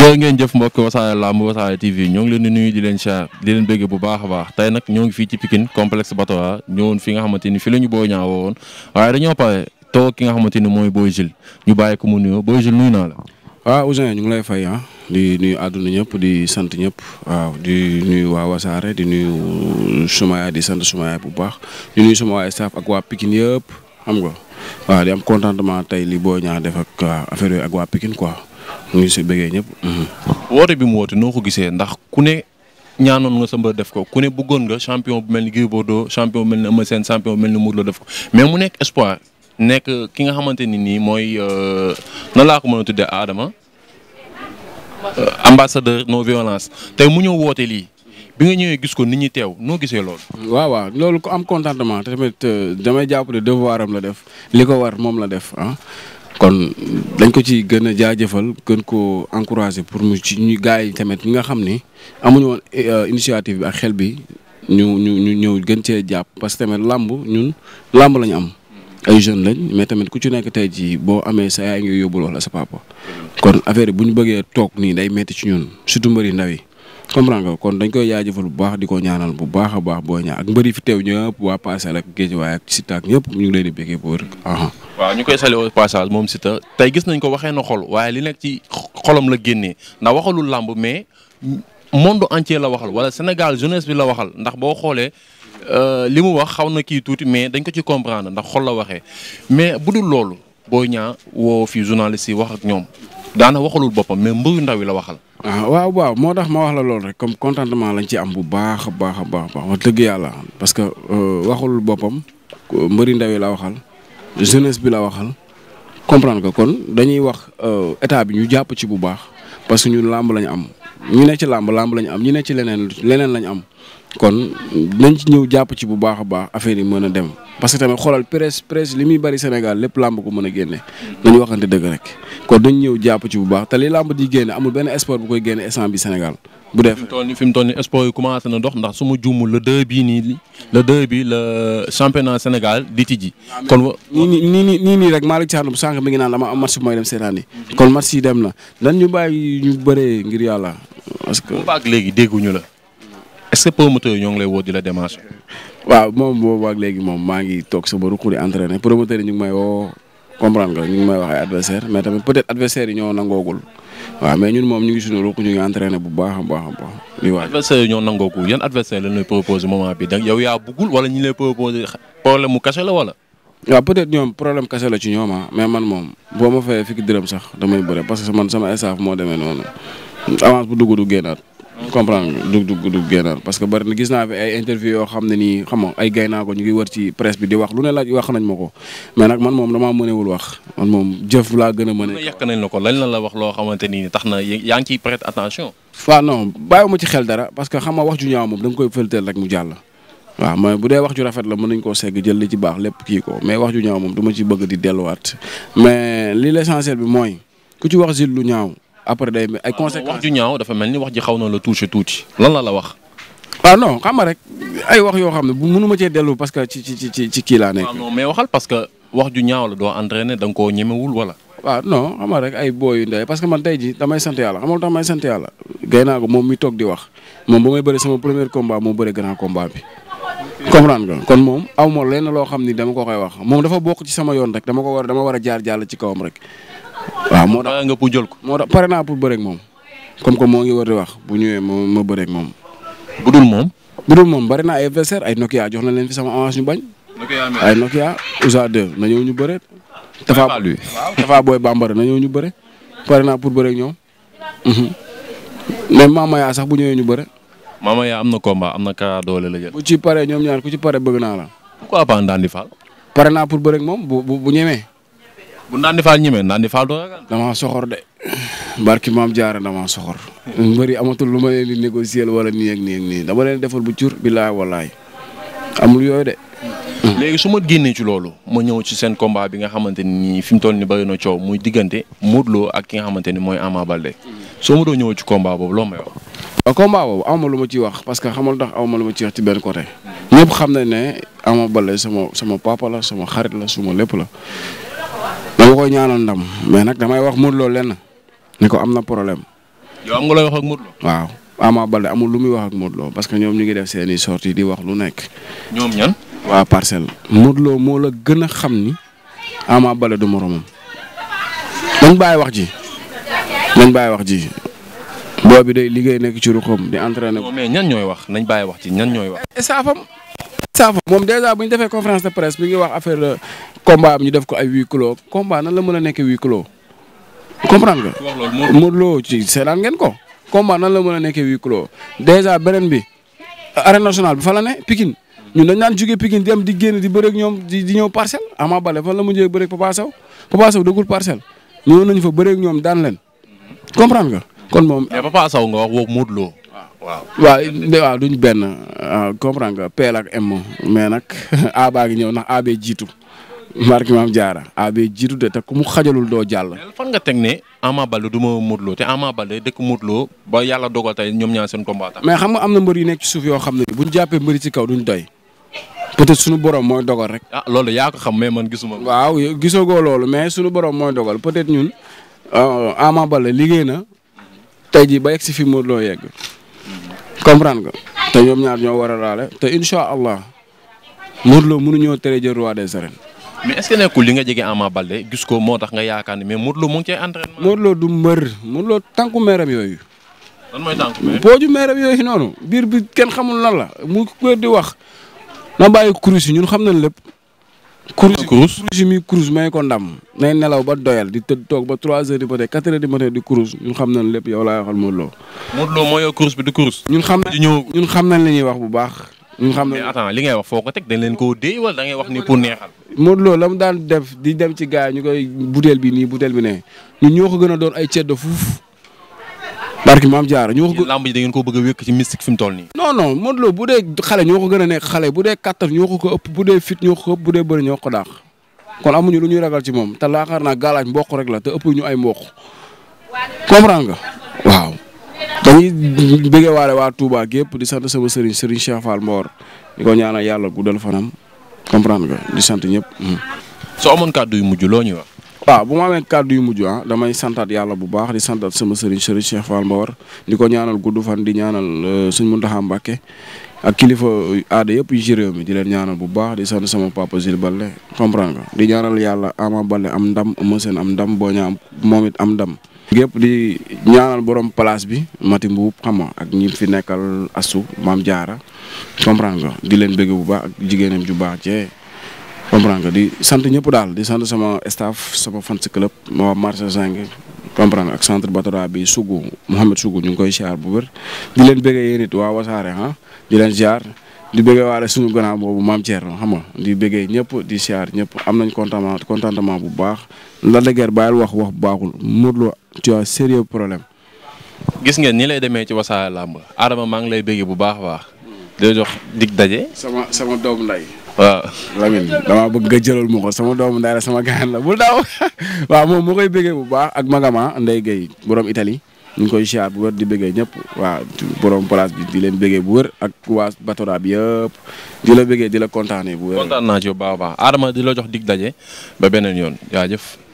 jërë ngeen jëf mbokk wasaare làmb wasaare TV ñoo ngi leen di nuyu di leen char di bu baax a tey nag ñoo ngi fii ci Pikine complexe Batoa ñëwoon fi nga xamante ni fi ñu booy ñaaw woon waaye dañoo pare toog ki nga xamante ni mooy Boy Jules ñu bàyyi ko mu nuyoo Boy Jules nuyu naa la. waaw ah, ngi lay fay ah di nuyu àdduna ñëpp di sant ñëpp waaw di nuyu waaw wasaare di nuyu sumaya di sant sumaya bu baax di nuyu sama waa staff ak waa Pikine yëpp xam nga waaw di am contentement tey li booy ñaaw def ak ah, affaire yooyu ak waa Pikine quoi. ñu si bëggee ñëpp. Mhm. woote bi mu woote noo ko gisee ndax ku ne ñaanoon nga sa mbër def ko ku ne bëggoon nga champion bu mel ni Gris Bordeaux champion bu mel ni Eumeu seen champion bu mel ni Modou Lô def ko mais mu nekk espoir nekk ki nga xamante ni nii mooy euh, na laa ko mën a tuddee Adama. Euh, ambassadeur non violence te mu ñëw woote lii. bi nga ñëwee gis ko nit ñi teew noo gisee lool waaw waaw loolu ko am contentement te tamit euh, damay jàpp ne devoiram la def li ko war moom la def ah kon dañ ko ci gën a jaajëfal gën ko encourager pour mu ci ñu gars yi tamit ñi nga xam ni amuñu woon euh, initiative bi ak xel bi ñu ñu ñu ñëw gën cee jàpp parce que tamit làmb ñun làmb lañu am. ay jeunes lañ mais tamit ku ci nekk tey jii boo amee sa yaay ngi yóbbul wala sa papa. kon affaire bu ñu bëggee toog nii day metti ci ñun surtout mbëri ndaw yi. comprends nga kon dañ koy jaajëfal bu baax di ko ñaanal bu baax a baax boo ñaa ak mbëri fi teew ñëpp waa Parcelles ak Guédiawaye ak Siteu ak ñëpp ñu ngi leen di béggee boor waaw ñu koy sali au passage moom Siteu tey gis nañ ko waxee na xol waaye li nekk ci xolam la génnee ndax waxalul làmb mais monde entier la waxal wala Sénégal jeunesse bi la waxal ndax boo xoolee euh, li mu wax xaw na kii tuuti mais dañ ko ci comprendre ndax xol la waxee mais bu dul loolu Boy Niang woo fii journaliste yi wax ak ñoom daana waxalul boppam mais mbëru ndaw yi la waxal. Ah, waaw waaw moo tax ma wax la loolu rek comme contentement lañ ci am bu baax a baax a baax wax tëgg yàlla parce que euh, waxalul boppam mbëri ndaw yi la waxal jeunesse bi la waxal comprendre ko kon dañuy wax euh, état bi ñu jàpp ci bu baax parce que ñun làmb lañu am ñu ne ci làmb làmb lañu am ñu ne ci leneen leneen lañu am kon nañ ci ñëw jàpp ci bu baax a baax affaire yi mën a dem parce que tamit xoolal presse presse li muy bari Sénégal lépp làmb ko mën a génne nañu waxante dëgg rek kon dañ ñëw jàpp ci bu baax te li làmb di génne amul benn sport bu koy génne instant bi Sénégal bu def fi mu toll nii fi mu toll na dox ndax su ma juumul le bii nii le deux bi le championnat Sénégal di tijji. Ah, kon nii nii nii nii nii rek Malick Thiandoum sànq mi ngi naan dama am match bu may dem seetaan kon match yi dem na lan ñu bàyyi ñu bëree ngir yàlla parce que. bu baax léegi dégguñu la. est-ce que promoteurs yi ñoo ngi lay woo di la démarcher. waaw moom boobu ak léegi maa ngi toog sama ruq di entraîner promoteurs ngi may woo comprendre nga may wax ay adversaire mais tamit peut-être adversaire yi ñoo nangoogul waaw mais ñun moom ñu ngi suñu ruq ñu ngi entraîner bu baax a baax a baax. lii waa adversaire yi bi dag yow yaa bëggul wala ñu problème mu kese la wala. waaw peut-être ñoom kese la ci ñoom ah, mais man moom boo ma fayee fii dërëm sax damay bëre parce que man sama staff moo demee noonu avance bu dugg du génnaat comprendre du du du génnaar parce que bari na gis naa fi ay interview yoo xam ne nii xam nga ay gay naa ko ñu ngi wër ci presse bi di wax lu ne laaj wax nañ ma ko mais nag man moom damaa mënewul wax man moom jëf laa gën a mën a yàq nañ la ko lañ la la wax loo xamante ni tax na yaa ngi ciy prête attention waaw non bàyyiwuma que xam nga wax ju ñaaw moom da nga koy fëlteel rek mu jàll waaw mais bu dee wax ju rafet la mën nañ koo segg jël li ci baax lépp kii ko mais wax ju ñaaw moom du ma ci bëgg di delluwaat mais li l'essentiel bi mooy ku ci wax lu ñaaw après day ay conséquences wax ju ñaaw dafa mel ni wax ji xaw na la touché tuuti lan la la wax. waaw ah non xam rek ay wax yoo xam ne bu mënuma cee dellu parce que ci ci ci kii laa nekk. Ah non mais waxal parce que wax ju ñaaw la doo entraîné da nga koo ñemewul wala. waaw ah non xam rek ay booyu ndey parce que man tey ji damay sant yàlla xam nga lu tax may sant yàlla. gaynaa ko moom mi toog di wax moom ba may bëri sama premier combat moo bëri grand combat bi. comprendre nga kon moom aw ma loo xam ni dama ko koy wax moom dafa bokk ci sama yoon rek dama ko war dama war a jaar jàll ci kawam rek. waaw moo tax nga pour jël ko. moo tax pare naa pour bëreeg moom comme que moo ngi war di wax bu ñëwee ma ma bëreeg moom. bu dul moom. bu dul moom bari naa ay adversaire ay Nokia jox na leen fi sama avance ñu bañ. ay Nokia USA 2 na ñëw ñu bëre. Tafa Tafa Boy Bambara na ñëw ñu bëre. pare naa pour bëreeg ñoom. Mhm. mais Mama yaa sax bu ñëwee ñu bëre. Mama yaa am na combat am na kaa doole la jël. bu ci paree ñoom ñaar ku ci pare bëgg naa la. pourquoi pas Ndandi pare naa pour bëreeg moom bu bu bu Ndandi Fall ñemee Ndandi Fall a ragal. damaa soxor de. barki maam jaara damaa soxor. mu bëri amatul lu ma leen di négocier wala nii ak nii ak nii dama leen defal bu cur billaay wallaay amul yooyu de. léegi su ma génnee ci loolu ma ñëw ci seen combat bi nga xamante nii fi mu toll ni bëri na coow muy diggante Modou Lo ak ki nga xamante ni mooy Ama Baldé soo ma doo ñëw ci combat boobu loo may wax. waaw combat boobu aw ma lu ma ciy wax parce que xamal tax aw ma ma ciy ci benn côté. ñëpp xam nañ ne Ama Baldé sama sama papa sama xarit la suma lépp la. dama koy ñaanal ndam mais nag damay wax Modou Lo lenn ni ko am na problème. yow am wax ak Modou Lo. waaw Ama Baldé amul lu muy wax ak Modou Lo que ñoom ñu ngi def seen i sorties wax lu nekk. ñoom ñan. waa parcelle. Modou Lo moo la gën a xam ni Ama Baldé du moromam. nañ baay wax ji. nañ bàyyi wax ji. boobu de liggéey nekk ci ruxam di entraîné. mais ñan ñooy wax nañ baay wax ci ñan ñooy wax. Sakho moom dèjà bu ñu defee conférence de presse bi ngi wax affaire euh, combat am ñu def ko ay huis clos combat nan la mën a nekk huis clos comprendre nga. nan la mën a nekkee huis clos dèjà beneen bi. arène nationale bi fa ne Pikine ñun dañ naan jugee Pikine di génn di bëreeg ñoom di di ñëw parcelle Ama Baldé fan la mujjee bëreeg Papa Sow Papa Sow ñëw nañ fa bëreeg ñoom daan leen comprendre nga. kon moom mais nga wax woo Modou waaw waaw duñ benn comprendre nga PL ak M mais nag A baa ngi ñëw ndax AB jiitu marque am jaara AB jiitu de te ku mu xajalul doo jàll. fan nga teg ne Ama Baldé du ma Modou loo te Ama Baldé dëkk Modou Lô ba yàlla dogal tey ñoom ñaar seen combat mais xam nga am na mbër yu nekk ci suuf yoo xam ne buñ jàppee mbër ci kaw duñ doy. peut-être borom mooy dogal rek. ah loolu yaa ko xam mais man gisuma. waaw gisagoo loolu mais sunu borom mooy dogal peut-être ñun euh, Ama Baldé liggéey na tey jii ba yegg si fi Modou loo yegg. comprendre nga te ñoom ñaar ñoo war a laale te incha allah Modou Lo mënuñoo tere jël roi des arènes. mais est ce li nga jege Ama Baldé gis ko moo tax nga yaakaar ne mais Modou Lo mu ngi cay entraînement. Modou Lo du mbër Modou Lo tànku yooyu. lan mooy tànku meeram booju meeram yooyu noonu biir bi kenn xamul lan la mu ko di wax na bàyyi kuréel ñun xam nañ lépp. kurus kurus kurus yi muy kurus ko ndam nay nelaw ba doyal di tëdd toog ba 3 heures du matin 4 heures du matin di kurus ñun xam nañ lépp yow laa waxal Modou Lo. Modou Lo moo yor bi di kurus. ñun xam nañ ñun ñuy wax bu baax. ñun xam nañ mais li ngay wax foo ko teg dañ leen koo dee wala da wax ni pour neexal. Modou Lo la mu daan def di dem ci gars yi ñu koy butéel bi nii butéel bi ne ñun ñoo ko gën a doon ay ceddo fuuf barki maam Diarra ñoo ko. ngeen ko bëgg a wékk ci mystique fi mu toll nii. non non Modou Lo bu dee xale ñoo ko gën a nekk xale bu dee kattan ñoo ko ko ëpp bu dee fit ñoo ko ëpp bu dee bëri ñoo ko daax kon amuñu lu ñuy ragal ci moom te laakaar naa galaaj mboq rek la te ëpp ñu ay mboq comprendre nga waaw. dañuy bëggee waale waa Touba gépp di sant sama sëriñ sëriñ Cheikh Fall Mbor di ko ñaanal yàlla guddal fanam comprendre nga di sant ñëpp. Hmm. soo amoon kàddu yu mujj loo ñuy wax. waaw bu ma amee kàddu yu mujj ah damay santaat yàlla bu baax di santaat sama sëriñ sëriñ Cheikh Fall Mbawar di ko ñaanal gudd fan di ñaanal euh, suñ mun Muntaxa Mbàkke ak kilifa aada yëpp yu réew mi di leen ñaanal bu baax di sant sama papa Zil Bale comprendre nga di ñaanal yàlla Ama Bale am ndam Moussène am ndam Boña am moom it am ndam. gépp di ñaanal borom place bi Mati Mbuub xam ak ñi fi nekkal astu maam jaara comprendre nga di leen bëgg bu baax ak jigéenam ju baax cee. comprendre nga di sant ñëpp daal di sant sama staff sama fan club ma waa marché zang comprendre ak centre Batora bi Sougou Mouhamed Sougou ñu ngi koy siyaar bu wér di leen bëggee yéen it waa wasaare ah di leen siyaar di bëggee waale suñu gannaaw boobu maam Thierno xam nga di bëggee ñëpp di siyaar ñëpp am nañ contentement contentement bu baax la de guerre bàyyil wax wax bu baaxul Modou Lo tu as sérieux problème. gis ngeen ni lay demee ci wasaare làmb Adama maa ngi lay bëggee bu baax a baax. di jox dig daje. sama sama doomu nday waaw Lamine damaa bëgg nga jëlal ma ko sama doomu ndey la sama gaan la bul daw waa moom moo koy béggee bu baax ak magama ah, Ndeye Gueye borom Italie mu ngi koy siyaar bu wër di béggee ñëpp waaw borom place bi di leen béggee bu wër ak waa Batora bi yëpp di la béggee di la kontaanee bu wër. kontaan naa ci yow baax baax Adama di la jox dig daje ba beneen yoon jaajëf.